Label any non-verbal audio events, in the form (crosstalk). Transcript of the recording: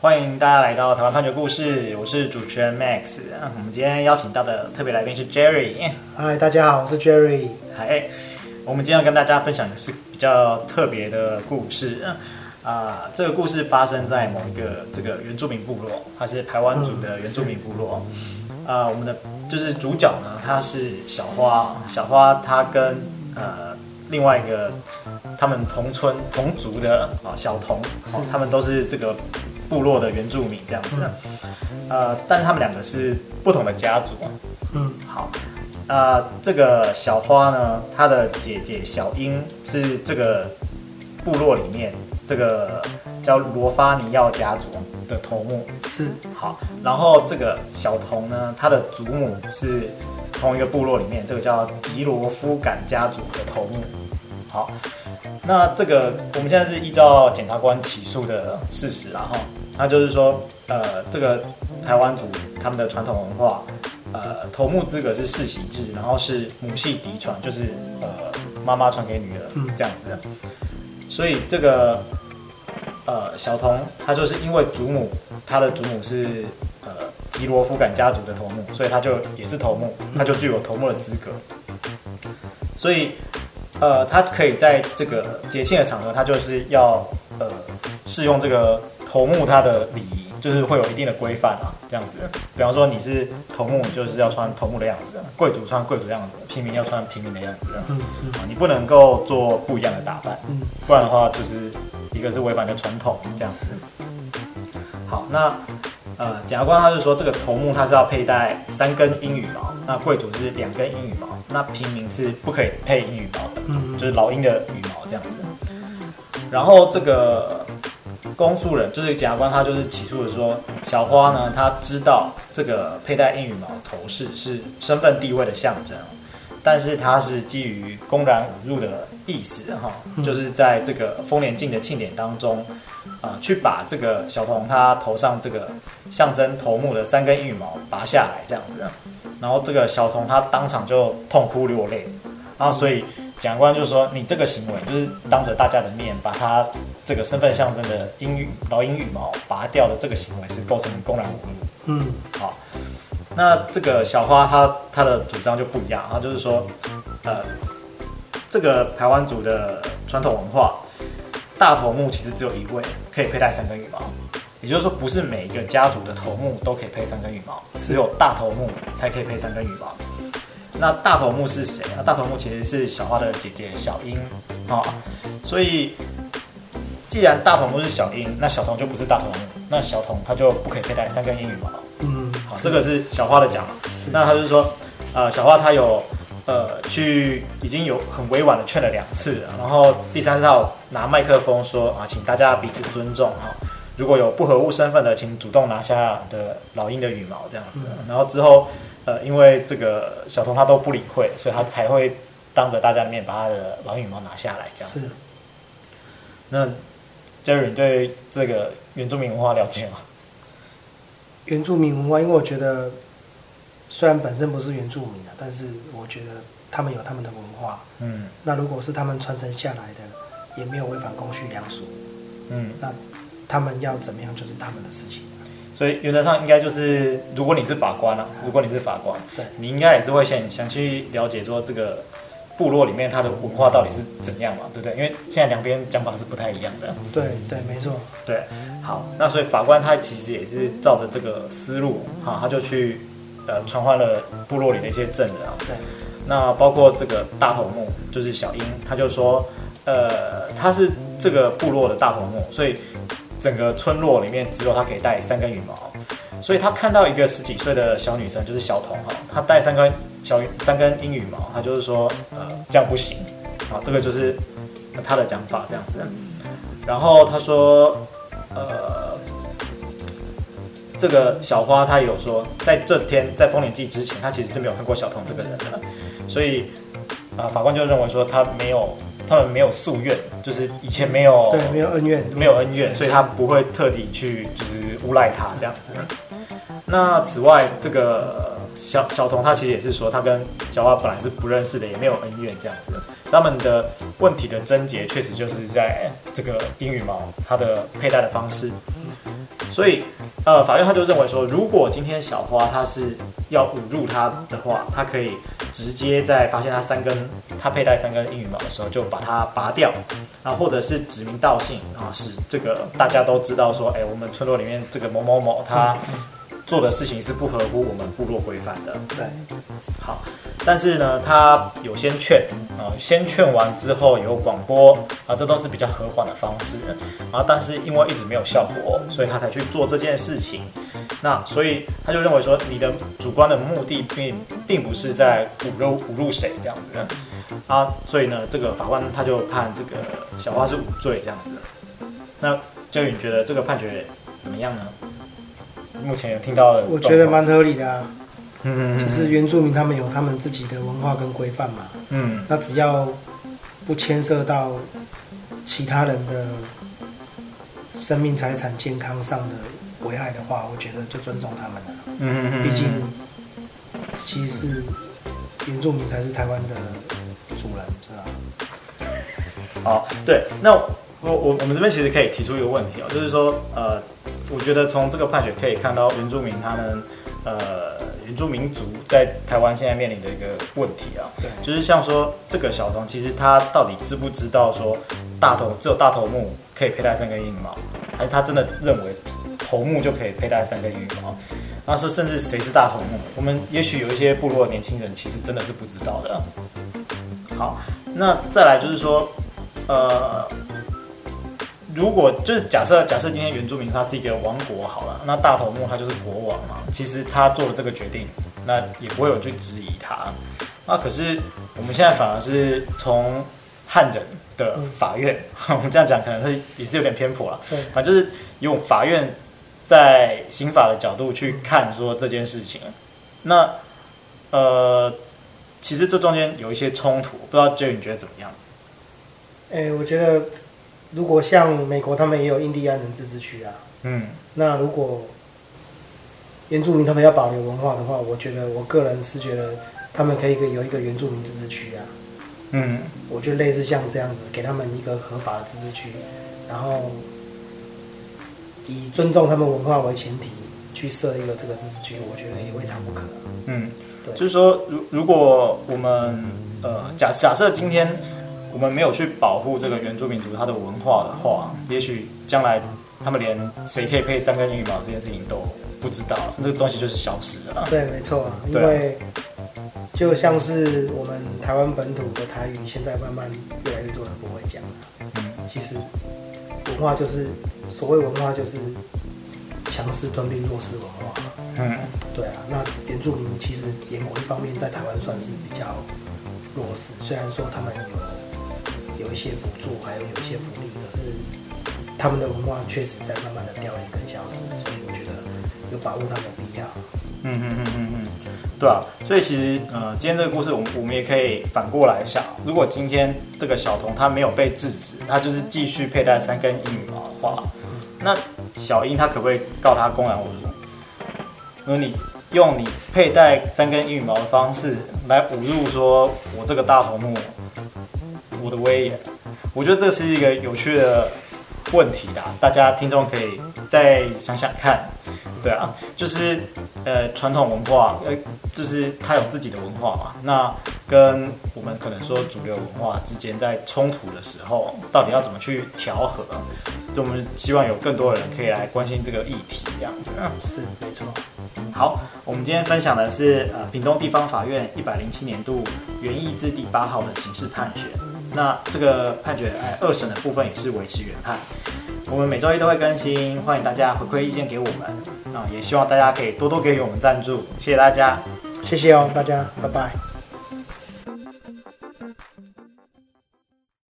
歡迎大家來到台灣判決故事，我是主持人 Max。我們今天邀請到的特別來賓是 Jerry。Hi，大家好，我是 Jerry。Hi，hey，我們今天要跟大家分享的是比較特別的故事。啊、呃，這個故事發生在某一個這個原住民部落，它是台灣族的原住民部落。啊、嗯呃，我們的就是主角呢，他是小花，小花他跟、呃、另外一個他們同村同族的啊小彤，是他們都是這個。部落的原住民這樣子，呃，但他們兩個是不同的家族，啊。嗯，好，呃，這個小花呢，她的姐姐小英是這個部落裡面這個叫羅發尼奧家族的頭目。是，好，然後這個小童呢，他的祖母是同一個部落裡面這個叫吉羅夫敢家族的頭目。好，那這個我們現在是依照檢察官起訴的事實，然後。那就是說，呃，這個台灣族他們的傳統文化，呃，頭目資格是世襲制，然後是母系嫡傳，就是呃媽媽傳給女兒這樣子。所以這個呃小彤，他就是因為祖母，他的祖母是呃吉羅夫敢家族的頭目，所以他就也是頭目，他就具有頭目的資格。所以，呃，他可以在這個節慶的場合，他就是要呃使用這個。頭目他的禮儀就是會有一定的規範啊，這樣子。比方說你是頭目，就是要穿頭目的樣子的；貴族穿貴族的樣子的；平民要穿平民的樣子的，嗯嗯啊。你不能夠做不一樣的打扮，嗯，不然的話就是一個是違反一個傳統這樣子。嗯，是好，那呃檢察官他就說，這個頭目他是要佩戴三根鷹羽毛，嗯，那貴族是兩根鷹羽毛，那平民是不可以配鷹羽毛的，嗯，就是老鷹的羽毛這樣子。然後這個。公訴人就是檢察官，他就是起訴的說，小花呢，他知道這個佩戴鷹羽毛頭飾是身份地位的象徵，但是他是基於公然侮辱的意思，哈，就是在這個豐年祭的慶典當中，啊、呃，去把這個小彤他頭上這個象徵頭目的三根羽毛拔下來這樣子，然後這個小彤他當場就痛哭流淚，啊，所以。講官就是說，你這個行為就是當着大家的面把他這個身份象徵的鷹羽毛、老鷹羽毛拔掉了，這個行為是構成公然侮辱。嗯，好，那這個小花她她的主張就不一樣，她就是說，呃，這個台灣族的傳統文化，大頭目其實只有一位可以佩戴三根羽毛，也就是說不是每一個家族的頭目都可以配三根羽毛，只有大頭目才可以配三根羽毛。那大頭目是誰啊？大頭目其實是小花的姐姐小英啊、哦，所以既然大頭目是小英，那小彤就不是大頭目，那小彤他就不可以佩戴三根鷹羽毛。嗯、哦，這個是小花的講法，是那他就說，呃，小花他有呃去已經有很委婉的勸了兩次了，然後第三次他有拿麥克風說啊，請大家彼此尊重啊、哦，如果有不合物身份的，請主動拿下的老鷹的羽毛這樣子，嗯、然後之後。呃，因為這個小彤他都不理會，所以他才會當着大家的面把他的鷹羽毛拿下來這樣子。是。那 Jerry 你對這個原住民文化了解嗎？原住民文化，因為我覺得雖然本身不是原住民的，但是我覺得他們有他們的文化。嗯。那如果是他們傳承下來的，也沒有違反公序良俗。嗯。那他們要怎麼樣就是他們的事情。所以原則上應該就是，如果你是法官啊，如果你是法官，對你應該也是會想想去了解說這個部落裡面他的文化到底是怎樣嘛，對不對，對？因為現在兩邊講法是不太一樣的。對對，沒錯。對，好，那所以法官他其實也是照着這個思路，哈，他就去呃傳喚了部落裡的一些證人啊。對，那包括這個大頭目就是小英，他就說，呃，他是這個部落的大頭目，所以。整個村落裡面只有他可以帶三根羽毛，所以他看到一個十幾歲的小女生，就是小童哈，她帶三根小羽三根鷹羽毛，他就是說，呃，這樣不行，啊，這個就是他的講法這樣子，啊。然後他說，呃，這個小花她有說，在這天在豐年祭之前，她其實是沒有看過小童這個人的，所以啊、呃，法官就認為說，他沒有他們沒有宿怨。就是以前沒有對，沒有恩怨，沒有恩怨，所以他不會特地去就是誣賴他這樣子。那此外，這個小小彤他其實也是說，他跟小花本來是不認識的，也沒有恩怨這樣子。他們的問題的症結確實就是在這個鷹羽毛它的佩戴的方式。所以呃，法院他就認為說，如果今天小花他是要侮辱他的話，他可以。直接在發現他三根他佩戴三根鷹羽毛的時候，就把它拔掉。啊，然後或者是指名道姓啊，使這個大家都知道說，欸，我們村落裡面這個某某某他做的事情是不合乎我們部落規範的。對，好。但是呢，他有先勸啊，先勸完之後有廣播啊，這都是比較和緩的方式，然後啊，但是因為一直沒有效果，所以他才去做這件事情。那所以他就認為說，你的主觀的目的並並不是在侮辱侮辱誰這樣子，啊，所以呢，這個法官他就判這個小花是無罪這樣子。那焦宇，你覺得這個判決怎麼樣呢？目前有聽到的我覺得蠻合理的啊。嗯嗯，就是原住民他們有他們自己的文化跟規範嘛。嗯， (laughs) 那只要不牽涉到其他人的生命、財產、健康上的危害的話，我覺得就尊重他們了。嗯嗯，畢竟，其實是原住民才是台灣的主人，是吧？好，對。那我我我們這邊其實可以提出一個問題啊，就是說，呃，我覺得從這個判決可以看到，原住民他們，呃，原住民族在台灣現在面臨的一個問題啊，對，就是像說這個小彤，其實他到底知不知道說大頭只有大頭目可以佩戴三根鷹毛，還是他真的認為？頭目就可以佩戴三根羽毛，那是甚至誰是大頭目，我們也許有一些部落的年輕人其實真的是不知道的。好，那再來就是說，呃，如果就是假設假設今天原住民他是一個王國好了，那大頭目他就是國王嘛，其實他做了這個決定，那也不會有去質疑他。那可是我們現在反而是從漢人的法院，我們、嗯、這樣講可能是也是有點偏頗了，對、嗯，反正就是用法院。在刑法的角度去看說這件事情，那呃，其實這中間有一些衝突，不知道 Jay 你覺得怎麼樣？誒、欸，我覺得如果像美國他們也有印第安人自治區啊，嗯，那如果原住民他們要保留文化的話，我覺得我個人是覺得他們可以有一個原住民自治區啊，嗯，我覺得類似像這樣子，給他們一個合法的自治區，然後。以尊重他們文化為前提去設立一個這個自治區，我覺得也未嘗不可。嗯，對，就是說，如如果我們呃假假設今天我們沒有去保護這個原住民族他的文化的話，對也許將來他們連誰可以配三根羽毛這件事情都不知道，那這個東西就是消失了。對，沒錯啊，因為對就像是我們台灣本土的台語，現在慢慢越來越多人不會講了，嗯，其實。文化就是所謂文，文化，就是強勢吞併弱勢文化。嗯，對啊。那原住民其實，也某一方面在台灣算是比較弱勢，雖然說他們有有一些補助，還有有一些福利，可是他們的文化確實在慢慢的凋零跟消失，所以我覺得有保護他們的必要。嗯哼嗯嗯嗯嗯。對啊，所以其實呃，今天這個故事我們，我我們也可以反過來想，如果今天這個小彤他沒有被制止，他就是繼續佩戴三根鷹羽毛的話，那小英他可不可以告他公然侮辱？那你用你佩戴三根鷹羽毛的方式來侮辱，說我這個大頭目，我的威嚴，我覺得這是一個有趣的問題啦、啊，大家聽眾可以再想想看，對啊，就是。呃，傳統文化，呃，就是他有自己的文化嘛，那跟我們可能說主流文化之間在衝突的時候，到底要怎麼去調和？就我們希望有更多人可以來關心這個議題，這樣子。嗯、是沒錯。好，我們今天分享的是呃，屏東地方法院一百零七年度原易字第八號的刑事判決。那這個判決，哎、呃，二審的部分也是維持原判。我們每週一都會更新，歡迎大家回饋意見給我們。也希望大家可以多多給予我們贊助，謝謝大家，謝謝哦，大家，拜拜。